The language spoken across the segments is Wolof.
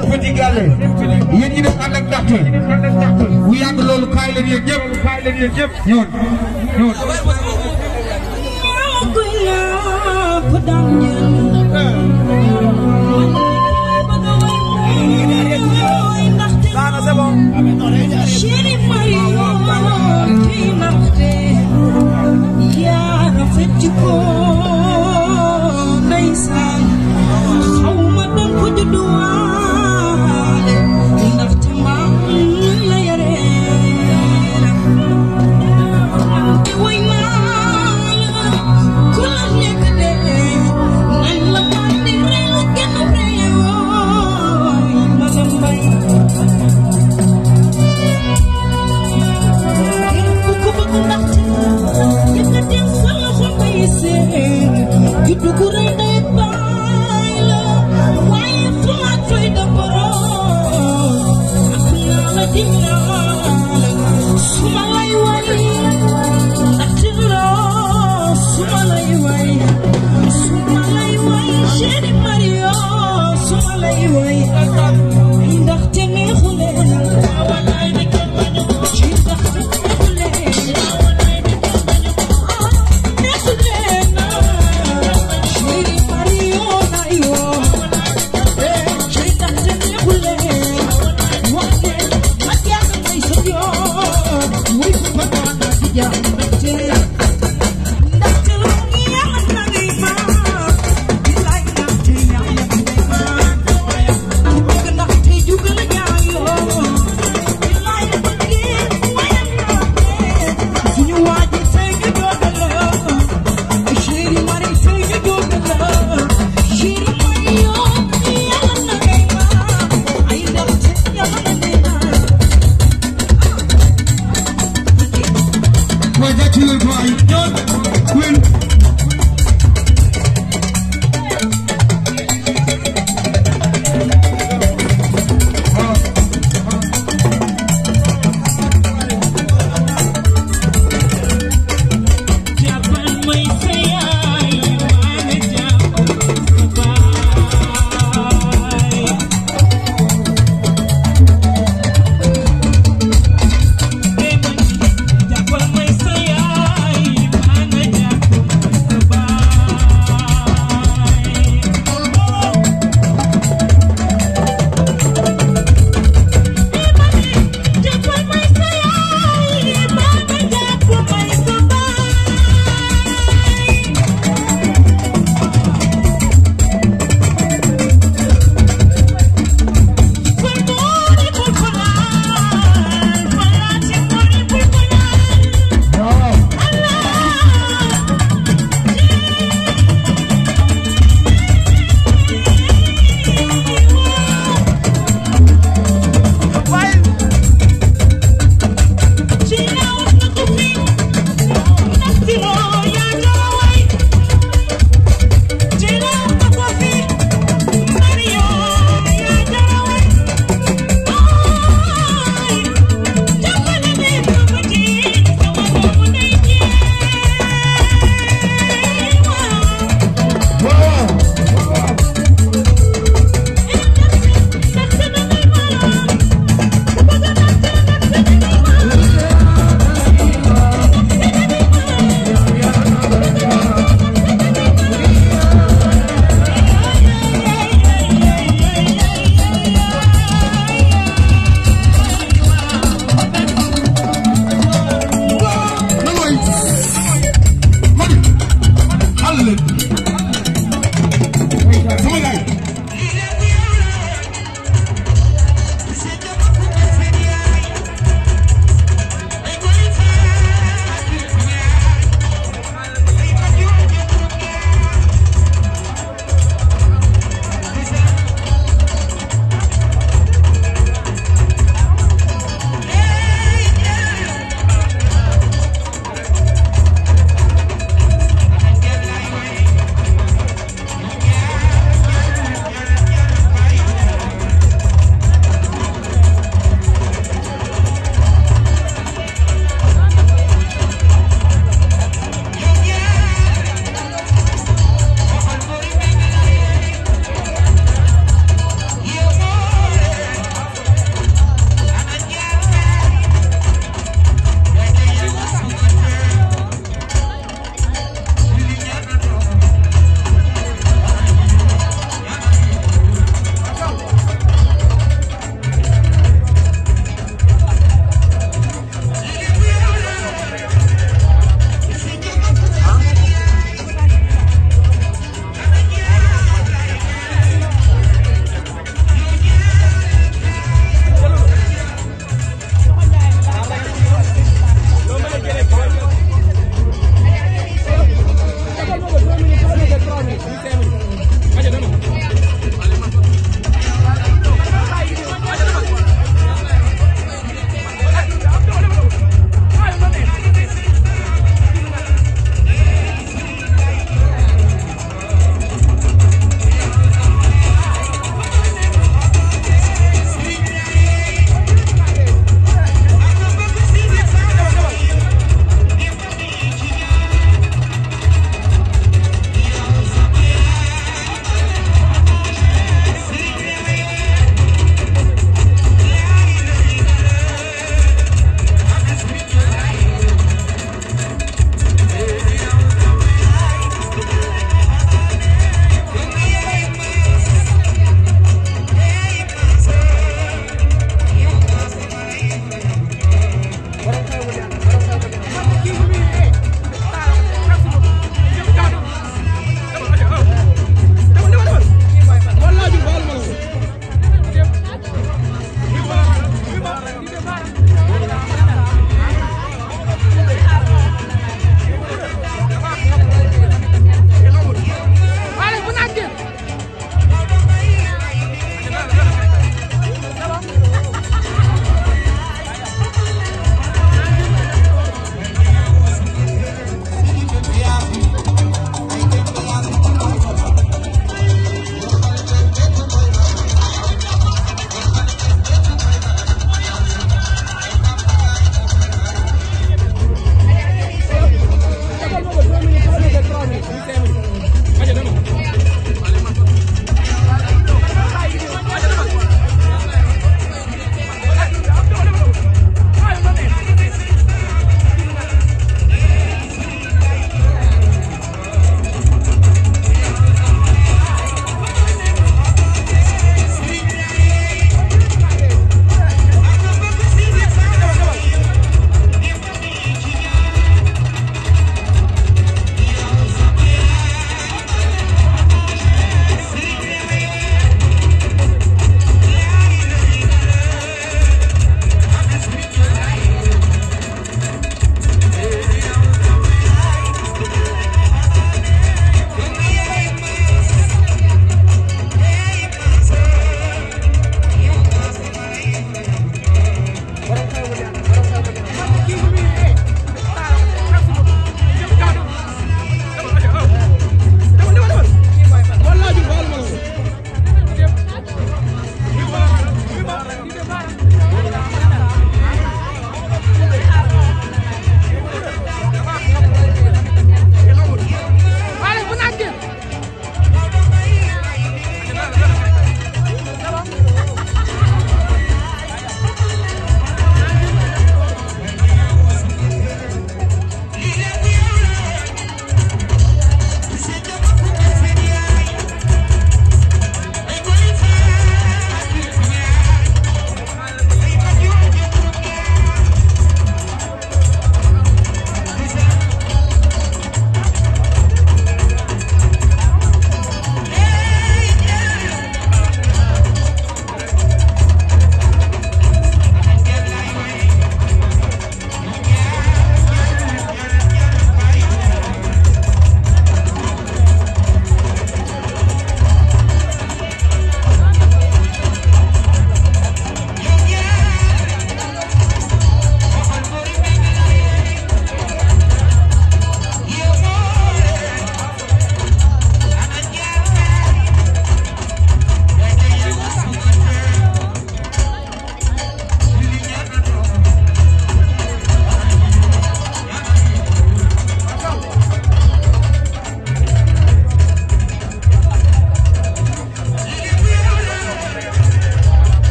seen petit gàllé yéen ñi def ànd ak ndaxte bu yàgg loolu kaay leen yéen ñëpp kaay leen yéen ñëpp ñoon ñoon Sana c'est bon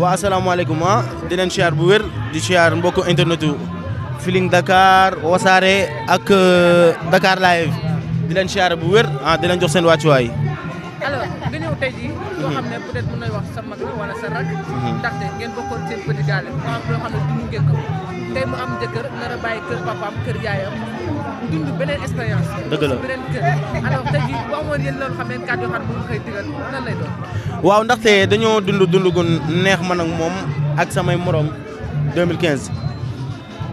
waa asalaamaaleykum ah di siyaar bu wér di siyaar mbokku internet yu Feeling wasaare ak euh, Dakar live di siyaar bu wér ah di leen jox seen wàccuwaay. alors nga ñëw tey jii. loo xam ne peut être mën nay wax sa mag wala sa rak. Mhm. ndaxte ngeen bokkoon seen petit gaale mu am loo xam ne du ngeen ko tey mu am jëkkër nar a kër papaam kër yaayam. dund beneen waaw ndaxte dañoo dund dund gu neex man ak moom ak samay morom 2015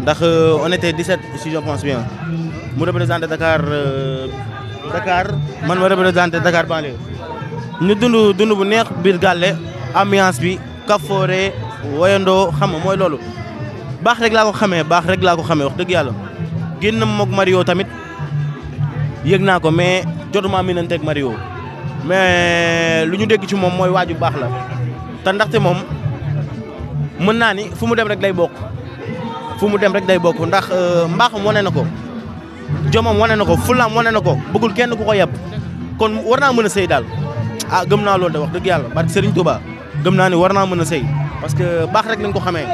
ndax euh, on était 17 si je pense bien mu représenté Dakar euh, Dakar man ma représenté Dakar banlieue. ñu dund dund bu neex biir gàlle ambiance bi kafoore woyandoo xam nga mooy loolu baax rek laa xamee baax rek laa ko xamee wax dëgg yàlla. na moog Mario tamit yëg naa ko mais jotuma minante ak Mario mais lu ñu dégg ci moom mooy waaju baax la te ndaxte moom mën naa ni fu mu dem rek day bokk fu mu dem rek day bokk ndax euh, mbaaxam wane na ko jomam wane na ko fulam wane na ko bëggul kenn ku ko yeb kon war naa mën a sëy daal ah gëm naa loolu de wax dëgg yàlla barke Serigne Touba gëm naa ni war naa mën a sëy parce que baax rek lañ ko xamee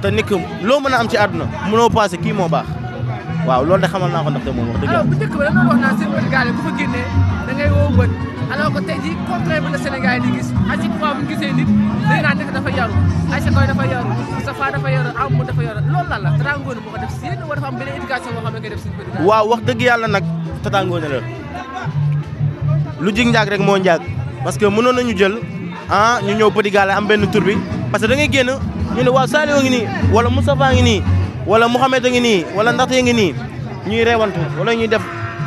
te nit loo mën a am ci àdduna mënoo passé kii moo baax waaw loolu de xamal naa ko ndaxte moom wax dëgg alors bu njëkk ba dama wax naa seen bët gaale ku fa génnee da ngay woo bët jii contraire bi la di gis à chaque fois bu ñu gisee nit day naan dafa yaru Aïssa Koy dafa yaru Safa dafa yaru Amou dafa yaru loolu lan la Tata ko def si yéen wala dafa am beneen éducation boo xam ne ngay def si bët gaale wax dëgg yàlla nag Tata Ngoné la lu jig njaag rek moo njaag parce que mënoon nañu jël ah ñu ñëw Petit Galle am benn tur parce que da génn ñu ne waaw Saliou ngi nii wala ngi nii wala Mouhamed a ngi nii wala ndaxte a nii ñuy reewantu wala ñuy def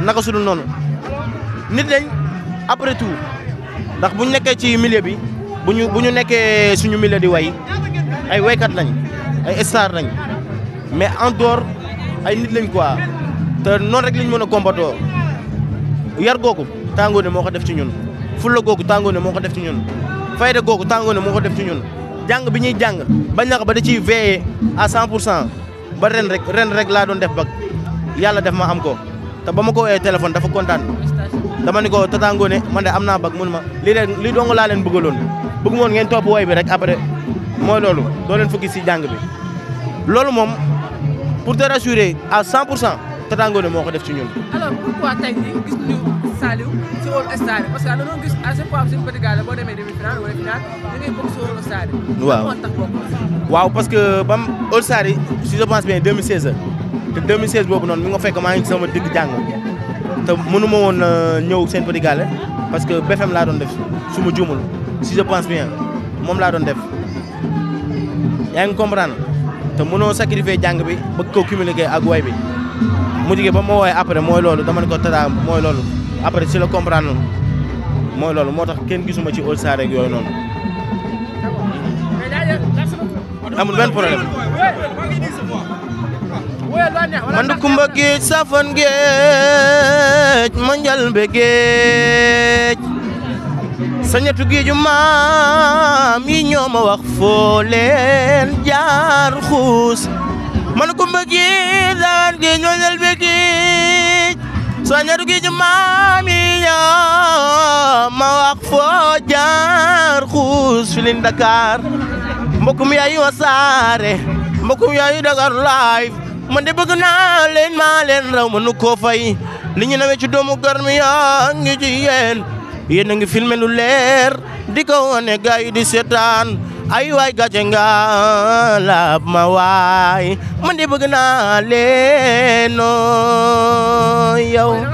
naka su noonu nit lañ après tout ndax bu nekkee ci milieu bi bu ñu bu ñu nekkee suñu milieu di way ay waykat lañ ay star lañ mais en dehors ay nit leen quoi te noonu rek lañ mën a combattre yar googu tàngoor ne moo ko def ci ñun fulla googu tàngoor ne moo ko def ci ñun fayda googu tàngoor ne moo ko def ci ñun jàng bi ñuy jàng bañ na ba da ci veiller à 100 pour cent ba ren rek ren rek laa doon def bag yàlla def ma am ko te ba ma ko woowee téléphone dafa kontaan dama ni ko Tata Ngoné man de am naa bag mun ma lii leen lii dong laa leen bëggaloon bëgg moon ngeen topp bi rek après mooy loolu doo leen fukki si jàng bi loolu moom pour te rassurer à 100 pour cent Tata Ngoné moo ko def ci ñun. alors pourquoi gis ñu Saliou si wàllu stade parce que da doon gis à chaque fois suñu petit boo demee demi final wala final da ngay si wàllu stade. waaw moo tax bokk waaw parce que bam All Star yi si je pense te 2016 boobu noonu mi sama digg jàng mënu ma woon euh, ñëw seen petit gars parce que BFM laa doon def su ma juumul si je pense bien moom laa doon def yaa ngi te mënoo sacrifier jàng bi bëgg ko cumuler ak way bi. mujj gi ba ma woowee après mooy loolu dama ne ko Tata mooy loolu après si la comprendre mooy loolu moo tax kenn gisuma ci All Star ak noonu. amul benn problème. man du kumba géej safan géej ma njalbe géej sa ñetu géeju maam yi ñoo wax foo jaar xuus man kumba géej ñaan gi ñooñal beki soñatu gi ci maami ya ma wax foo jaar xuus filin Dakar mbokkum yaayu Wassare mbokkum yaayu Dakar live man de bëgg naa leen maa leen raw mënu koo fay li ñu nawee ci doomu garmi yaa ngi ci yéen yéen a ngi filmé lu leer di ko wane gaay di seetaan ay waay gàcce nga laab ma waay man bëgg naa leen yow